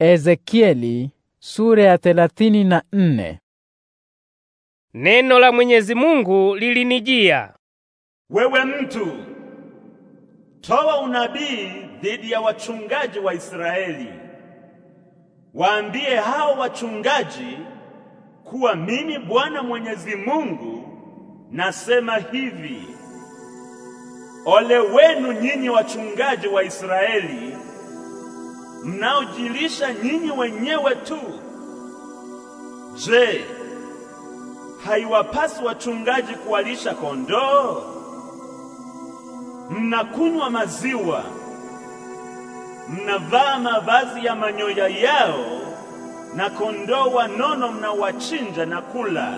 Ezekieli sura ya thelathini na nne. Neno la Mwenyezi Mungu lilinijia. Wewe mtu, toa unabii dhidi ya wachungaji wa Israeli. Waambie hao wachungaji kuwa mimi Bwana Mwenyezi Mungu nasema hivi: Ole wenu nyinyi wachungaji wa Israeli mnaojilisha nyinyi wenyewe tu. Je, haiwapasi wachungaji kuwalisha kondoo? Mnakunywa maziwa, mnavaa mavazi ya manyoya yao, na kondoo wanono mnawachinja na kula.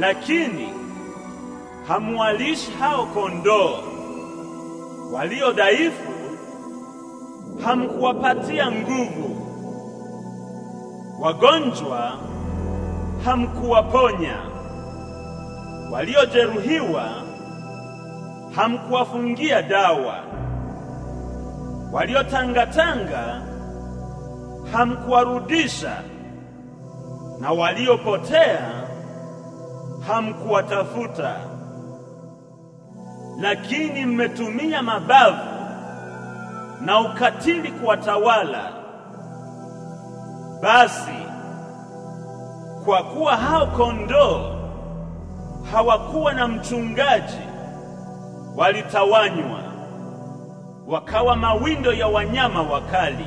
Lakini hamuwalishi hao kondoo walio dhaifu hamkuwapatia nguvu, wagonjwa hamkuwaponya, waliojeruhiwa hamkuwafungia dawa, waliotangatanga hamkuwarudisha, na waliopotea hamkuwatafuta. Lakini mmetumia mabavu na ukatili kuwatawala, basi kwa kuwa hao kondoo hawakuwa na mchungaji, walitawanywa wakawa mawindo ya wanyama wakali.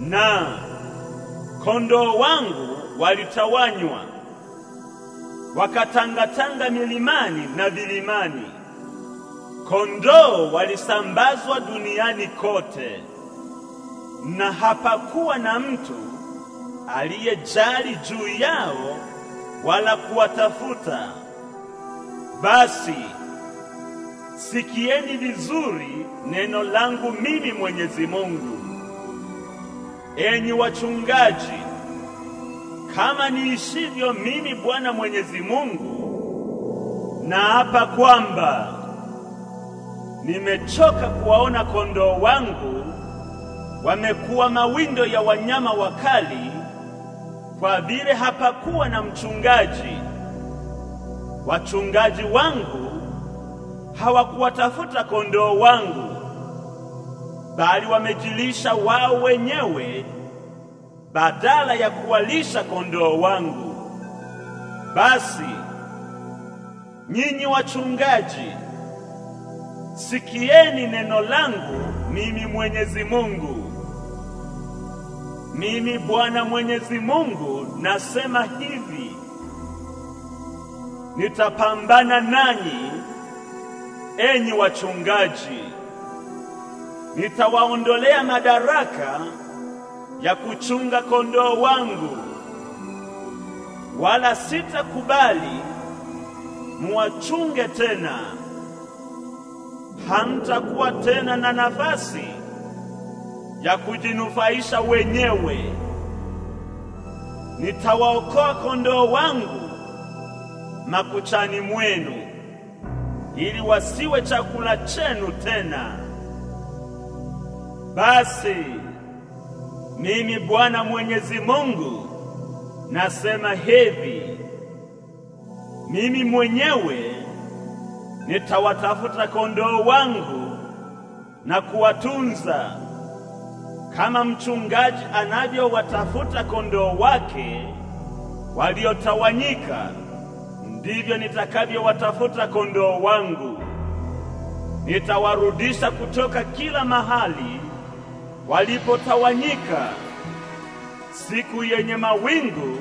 Na kondoo wangu walitawanywa wakatangatanga milimani na vilimani. Kondoo walisambazwa duniani kote na hapakuwa na mtu aliyejali juu yao wala kuwatafuta. Basi sikieni vizuri neno langu mimi Mwenyezi Mungu. Enyi wachungaji, kama niishivyo mimi Bwana Mwenyezi Mungu, naapa kwamba Nimechoka kuwaona kondoo wangu wamekuwa mawindo ya wanyama wakali, kwa vile hapakuwa na mchungaji. Wachungaji wangu hawakuwatafuta kondoo wangu, bali wamejilisha wao wenyewe badala ya kuwalisha kondoo wangu. Basi nyinyi wachungaji Sikieni neno langu mimi Mwenyezi Mungu. Mimi Bwana Mwenyezi Mungu nasema hivi: nitapambana nanyi, enyi wachungaji, nitawaondolea madaraka ya kuchunga kondoo wangu, wala sitakubali muwachunge tena hamtakuwa tena na nafasi ya kujinufaisha wenyewe. Nitawaokoa kondoo wangu makuchani mwenu, ili wasiwe chakula chenu tena. Basi mimi Bwana Mwenyezi Mungu nasema hivi, mimi mwenyewe nitawatafuta kondoo wangu na kuwatunza kama mchungaji anavyowatafuta kondoo wake waliotawanyika, ndivyo nitakavyowatafuta kondoo wangu. Nitawarudisha kutoka kila mahali walipotawanyika, siku yenye mawingu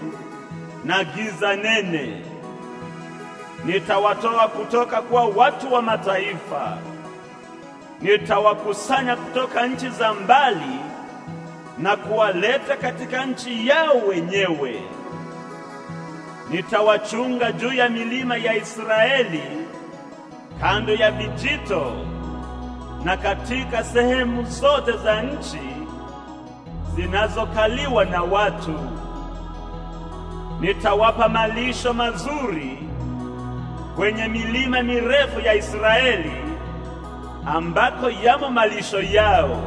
na giza nene. Nitawatoa kutoka kwa watu wa mataifa, nitawakusanya kutoka nchi za mbali na kuwaleta katika nchi yao wenyewe. Nitawachunga juu ya milima ya Israeli, kando ya vijito na katika sehemu zote za nchi zinazokaliwa na watu. Nitawapa malisho mazuri kwenye milima mirefu ya Israeli ambako yamo malisho yao.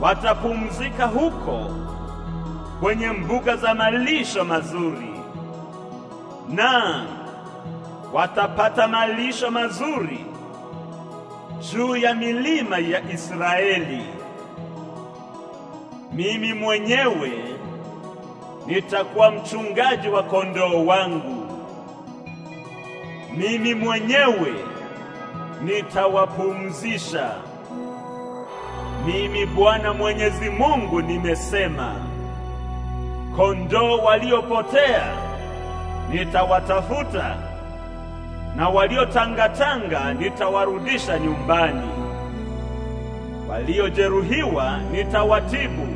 Watapumzika huko kwenye mbuga za malisho mazuri, na watapata malisho mazuri juu ya milima ya Israeli. Mimi mwenyewe nitakuwa mchungaji wa kondoo wangu mimi mwenyewe nitawapumzisha. Mimi Bwana Mwenyezi Mungu nimesema. Kondoo waliopotea nitawatafuta na waliotangatanga nitawarudisha nyumbani. Waliojeruhiwa nitawatibu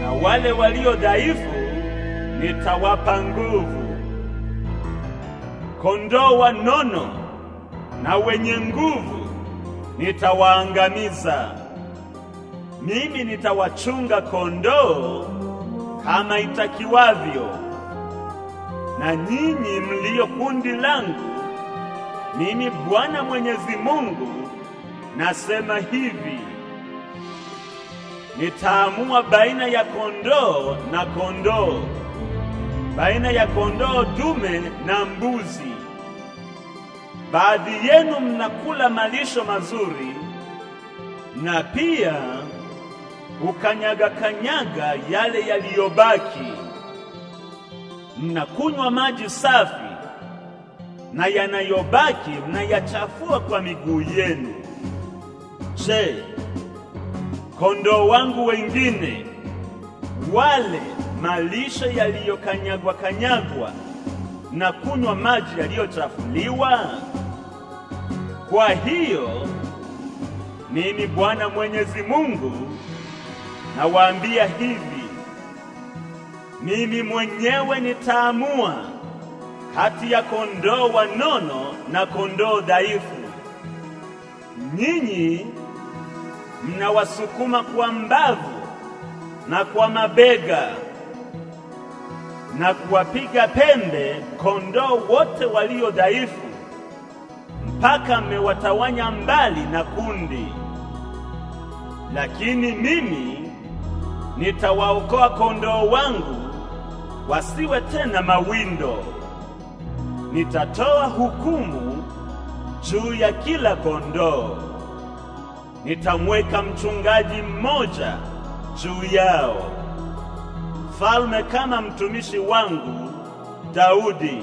na wale walio dhaifu nitawapa nguvu kondoo wanono na wenye nguvu nitawaangamiza. Mimi nitawachunga kondoo kama itakiwavyo, na nyinyi mlio kundi langu, mimi Bwana Mwenyezi Mungu nasema hivi: nitaamua baina ya kondoo na kondoo, baina ya kondoo dume na mbuzi Baadhi yenu mnakula malisho mazuri na pia ukanyaga kanyaga yale yaliyobaki. Mnakunywa maji safi na yanayobaki mnayachafua kwa miguu yenu. Je, kondoo wangu wengine wale malisho yaliyokanyagwa kanyagwa na kunywa maji yaliyochafuliwa? Kwa hiyo mimi Bwana Mwenyezi Mungu nawaambia hivi, mimi mwenyewe nitaamua kati ya kondoo wanono na kondoo dhaifu. Nyinyi mnawasukuma kwa mbavu na kwa mabega na kuwapiga pembe kondoo wote walio dhaifu mpaka mmewatawanya mbali na kundi. Lakini mimi nitawaokoa kondoo wangu wasiwe tena mawindo. Nitatoa hukumu juu ya kila kondoo. Nitamweka mchungaji mmoja juu yao, mfalme kama mtumishi wangu Daudi.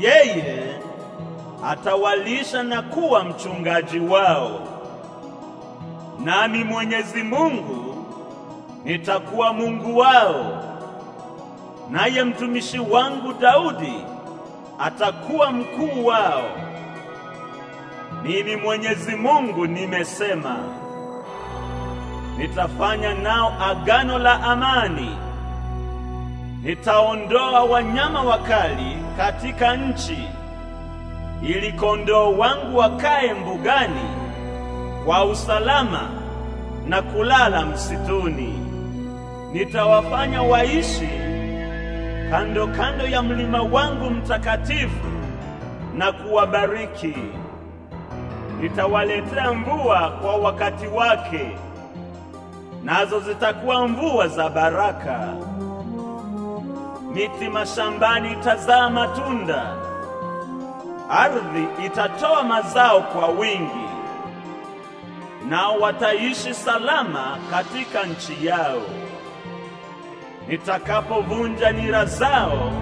Yeye atawalisha na kuwa mchungaji wao. Nami Mwenyezi Mungu nitakuwa Mungu wao, naye mtumishi wangu Daudi atakuwa mkuu wao. Mimi Mwenyezi Mungu nimesema, nitafanya nao agano la amani. Nitaondoa wanyama wakali katika nchi ili kondoo wangu wakae mbugani kwa usalama na kulala msituni. Nitawafanya waishi kando kando ya mlima wangu mtakatifu na kuwabariki. Nitawaletea mvua kwa wakati wake, nazo zitakuwa mvua za baraka. Miti mashambani itazaa matunda ardhi itatoa mazao kwa wingi, nao wataishi salama katika nchi yao. Nitakapovunja nira zao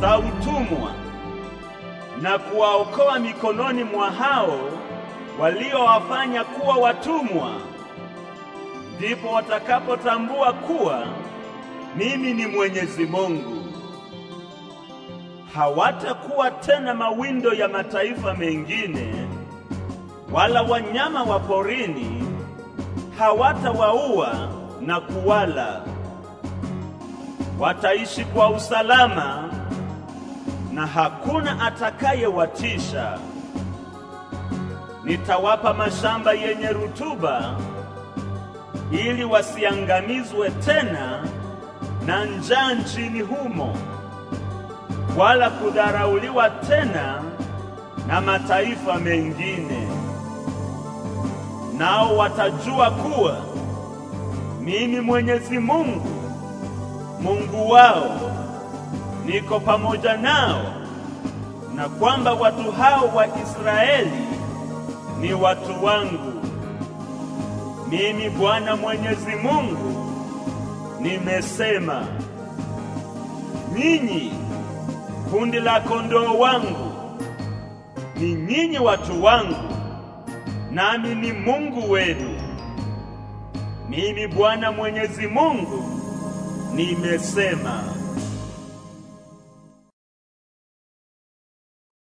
za utumwa na kuwaokoa mikononi mwa hao waliowafanya kuwa watumwa, ndipo watakapotambua kuwa mimi ni Mwenyezi Mungu hawatakuwa tena mawindo ya mataifa mengine, wala wanyama wa porini hawatawaua na kuwala. Wataishi kwa usalama na hakuna atakayewatisha. Nitawapa mashamba yenye rutuba ili wasiangamizwe tena na njaa nchini humo wala kudharauliwa tena na mataifa mengine. Nao watajua kuwa mimi Mwenyezi Mungu Mungu wao niko pamoja nao, na kwamba watu hao wa Israeli ni watu wangu. Mimi Bwana Mwenyezi Mungu nimesema. Ninyi kundi la kondoo wangu, ni nyinyi watu wangu, nami ni Mungu wenu. Mimi Bwana Mwenyezi Mungu nimesema.